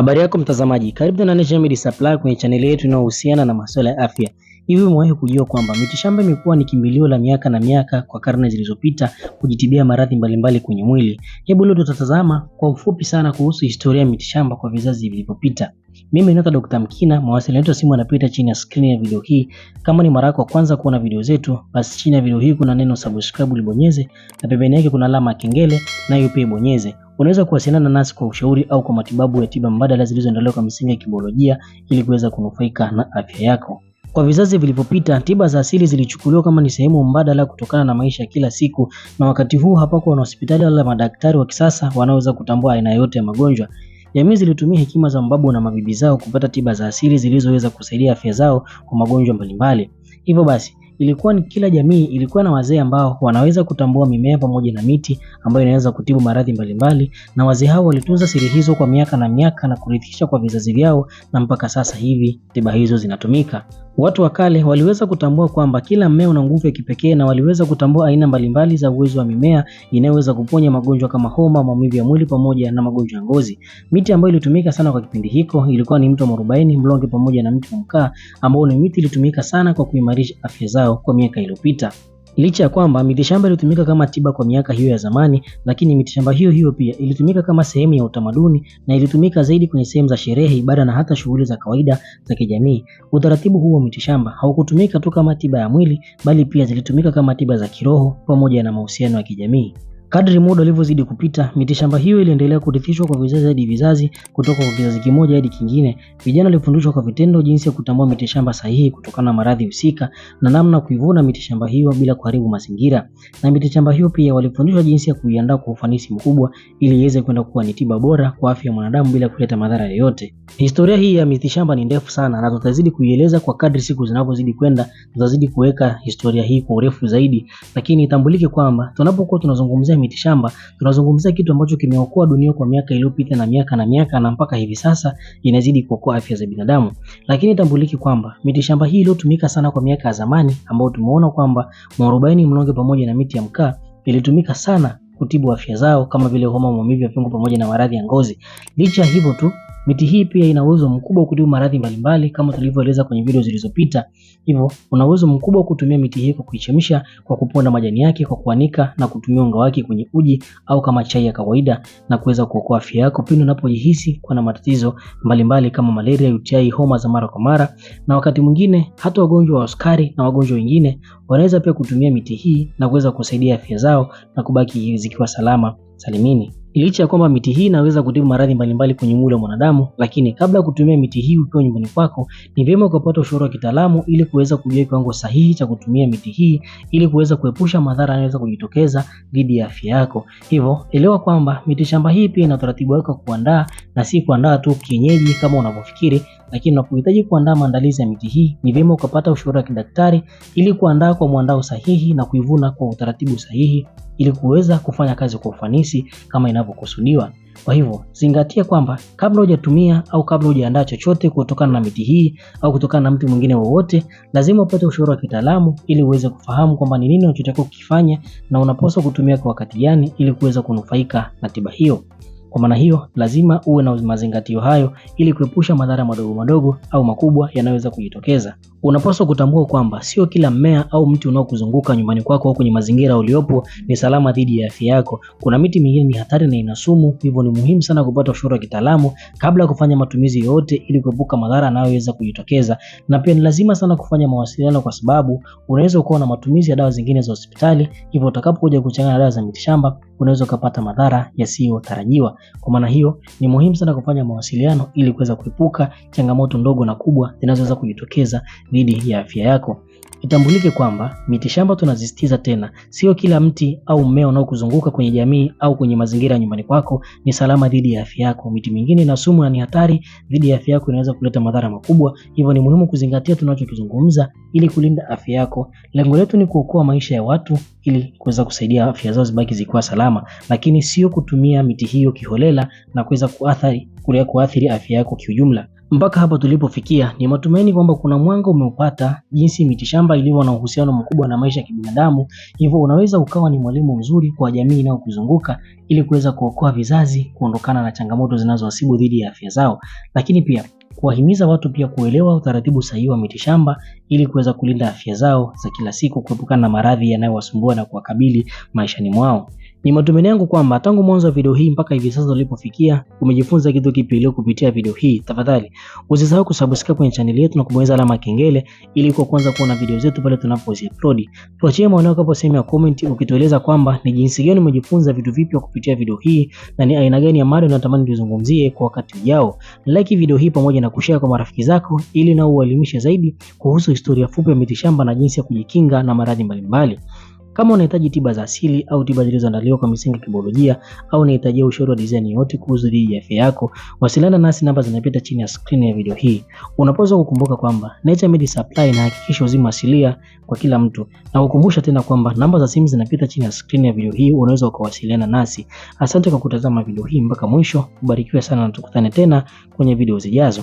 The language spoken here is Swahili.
Habari yako mtazamaji, karibu tena Naturemed Media Supply kwenye chaneli yetu inayohusiana na masuala ya afya. Hivi umewahi kujua kwamba mitishamba imekuwa ni kimbilio la miaka na miaka kwa karne zilizopita kujitibia maradhi mbalimbali kwenye mwili? Hebu leo tutatazama kwa ufupi sana kuhusu historia ya mitishamba kwa vizazi vilivyopita. Mimi ni Dr. Mkina, mawasiliano yetu simu yanapita chini ya screen ya video hii. Kama ni mara yako ya kwanza kuona video zetu, basi chini ya video hii kuna neno subscribe libonyeze, na pembeni yake kuna alama ya kengele, nayo pia ibonyeze. Unaweza kuwasiliana nasi kwa ushauri au kwa matibabu ya tiba mbadala zilizoendelea kwa msingi ya kibiolojia ili kuweza kunufaika na afya yako. Kwa vizazi vilivyopita, tiba za asili zilichukuliwa kama ni sehemu mbadala kutokana na maisha ya kila siku, na wakati huu hapakuwa na hospitali wala madaktari wa kisasa wanaoweza kutambua aina yote ya magonjwa. Jamii zilitumia hekima za mababu na mabibi zao kupata tiba za asili zilizoweza kusaidia afya zao kwa magonjwa mbalimbali. Hivyo basi ilikuwa ni kila jamii ilikuwa na wazee ambao wanaweza kutambua mimea pamoja na miti ambayo inaweza kutibu maradhi mbalimbali, na wazee hao walitunza siri hizo kwa miaka na miaka na kurithisha kwa vizazi vyao, na mpaka sasa hivi tiba hizo zinatumika. Watu wa kale waliweza kutambua kwamba kila mmea una nguvu ya kipekee na waliweza kutambua aina mbalimbali za uwezo wa mimea inayoweza kuponya magonjwa kama homa, maumivu ya mwili pamoja na magonjwa ya ngozi. Miti ambayo ilitumika sana kwa kipindi hiko ilikuwa ni mti wa mwarobaini, mlonge pamoja na mti wa mkaa ambao ni miti ilitumika sana kwa kuimarisha afya zao kwa miaka iliyopita. Licha ya kwamba mitishamba ilitumika kama tiba kwa miaka hiyo ya zamani, lakini mitishamba hiyo hiyo pia ilitumika kama sehemu ya utamaduni na ilitumika zaidi kwenye sehemu za sherehe, ibada na hata shughuli za kawaida za kijamii. Utaratibu huu wa mitishamba haukutumika tu kama tiba ya mwili, bali pia zilitumika kama tiba za kiroho pamoja na mahusiano ya kijamii. Kadri muda ulivyozidi kupita, mitishamba hiyo iliendelea kurithishwa kwa vizazi hadi vizazi, kutoka kwa kizazi kimoja hadi kingine. Vijana walifundishwa kwa vitendo jinsi ya kutambua mitishamba sahihi kutokana na maradhi husika na namna kuivuna mitishamba hiyo bila kuharibu mazingira. Na mitishamba hiyo pia walifundishwa jinsi ya kuiandaa kwa ufanisi mkubwa ili iweze kwenda kuwa ni tiba bora kwa afya ya mwanadamu bila kuleta madhara yoyote. Historia hii ya mitishamba ni ndefu sana na tutazidi kuieleza kwa kadri siku zinavyozidi kwenda, tutazidi kuweka historia hii kwa urefu zaidi, lakini itambulike kwamba tunapokuwa tunazungumzia mitishamba, tunazungumzia kitu ambacho kimeokoa dunia kwa miaka iliyopita na miaka na miaka na mpaka hivi sasa inazidi kuokoa afya za binadamu. Lakini tambuliki kwamba miti shamba hii iliyotumika sana kwa miaka ya zamani, ambao tumeona kwamba mwarobaini, mlonge pamoja na miti ya mkaa ilitumika sana kutibu afya zao kama vile homa, maumivu ya viungo pamoja na maradhi ya ngozi. Licha hivyo tu Miti hii pia ina uwezo mkubwa wa kutibu maradhi mbalimbali kama tulivyoeleza kwenye video zilizopita. Hivyo una uwezo mkubwa wa kutumia miti hii kwa kuichemsha, kwa kuponda majani yake, kwa kuanika na kutumia unga wake kwenye uji au kama chai ya kawaida na kuweza kuokoa afya yako pindi unapojihisi kuwa na matatizo mbalimbali kama malaria, UTI, homa za mara kwa mara, na wakati mwingine hata wagonjwa wa sukari na wagonjwa wengine wanaweza pia kutumia miti hii na kuweza kusaidia afya zao na kubaki zikiwa salama salimini. Licha ya kwamba miti hii inaweza kutibu maradhi mbalimbali kwenye mwili wa mwanadamu, lakini kabla ya kutumia miti hii ukiwa nyumbani kwako, ni vyema ukapata ushauri wa kitaalamu ili kuweza kujua kiwango sahihi cha kutumia miti hii ili kuweza kuepusha madhara yanayoweza kujitokeza dhidi ya afya yako. Hivyo elewa kwamba miti shamba hii pia ina utaratibu wake wa kuandaa, na si kuandaa tu kienyeji kama unavyofikiri, lakini unapohitaji kuandaa maandalizi ya miti hii, ni vyema ukapata ushauri wa kidaktari ili kuandaa kwa mwandao sahihi na kuivuna kwa utaratibu sahihi ili kuweza kufanya kazi kwa ufanisi kama inavyokusudiwa. Kwa hivyo zingatia kwamba kabla hujatumia au kabla hujaandaa chochote kutokana na miti hii au kutokana na mtu mwingine wowote, lazima upate ushauri wa kitaalamu ili uweze kufahamu kwamba ni nini unachotakiwa kukifanya na unapaswa kutumia kwa wakati gani ili kuweza kunufaika na tiba hiyo. Kwa maana hiyo, lazima uwe na mazingatio hayo ili kuepusha madhara madogo madogo au makubwa yanayoweza kujitokeza. Unapaswa kutambua kwamba sio kila mmea au mti unaokuzunguka nyumbani kwako au kwenye mazingira uliopo ni salama dhidi ya afya yako. Kuna miti mingine ni hatari na ina sumu, hivyo ni muhimu sana kupata ushauri wa kitaalamu kabla ya kufanya matumizi yoyote ili kuepuka madhara yanayoweza kujitokeza. Na pia ni lazima sana kufanya mawasiliano, kwa sababu unaweza ukawa na matumizi ya dawa zingine za hospitali, hivyo utakapokuja kuchanganya dawa za mitishamba unaweza ukapata madhara yasiyotarajiwa. Kwa maana hiyo, ni muhimu sana kufanya mawasiliano ili kuweza kuepuka changamoto ndogo na kubwa zinazoweza kujitokeza dhidi ya afya yako. Itambulike kwamba mitishamba, tunazisitiza tena, sio kila mti au mmea unaokuzunguka kwenye jamii au kwenye mazingira ya nyumbani kwako ni salama dhidi ya afya yako. Miti mingine ina sumu na ni hatari dhidi ya afya yako, inaweza kuleta madhara makubwa. Hivyo ni muhimu kuzingatia tunachokizungumza ili kulinda afya yako. Lengo letu ni kuokoa maisha ya watu ili kuweza kusaidia afya zao zibaki zikiwa salama, lakini sio kutumia miti hiyo kiholela na kuweza kuathiri kuathiri afya yako kiujumla. Mpaka hapa tulipofikia, ni matumaini kwamba kuna mwanga umeupata jinsi mitishamba ilivyo na uhusiano mkubwa na maisha ya kibinadamu, hivyo unaweza ukawa ni mwalimu mzuri kwa jamii inayokuzunguka ili kuweza kuokoa vizazi kuondokana na changamoto zinazowasibu dhidi ya afya zao, lakini pia kuwahimiza watu pia kuelewa utaratibu sahihi wa mitishamba ili kuweza kulinda afya zao za kila siku, kuepukana na maradhi yanayowasumbua na kuwakabili maishani mwao. Ni matumaini yangu kwamba tangu mwanzo wa video hii mpaka hivi sasa ulipofikia umejifunza kitu kipi leo kupitia video hii. Tafadhali usisahau kusubscribe kwenye channel yetu na kubonyeza alama kengele ili kwa kwanza kuona video zetu pale tunapozi upload. Tuachie maoni yako hapo sehemu ya comment ukitueleza kwamba ni jinsi gani umejifunza vitu vipya kupitia video hii na ni aina gani ya mada unatamani tuzungumzie kwa wakati ujao. Like video hii pamoja na na kushare kwa marafiki zako ili nao uelimishe zaidi kuhusu historia fupi ya mitishamba na jinsi ya kujikinga na maradhi mbalimbali. Kama unahitaji tiba za asili au tiba zilizoandaliwa kwa misingi ya kibiolojia au unahitaji ushauri wa design yote kuhusu dhidi ya afya yako, wasiliana nasi, namba zinapita chini ya screen ya video hii. Unapaswa kukumbuka kwamba Naturemed Supply inahakikisha uzima asilia kwa kila mtu, na kukumbusha tena kwamba namba za simu zinapita chini ya screen ya video hii, unaweza ukawasiliana nasi. Asante kwa kutazama video hii mpaka mwisho, ubarikiwe sana na tukutane tena kwenye video zijazo.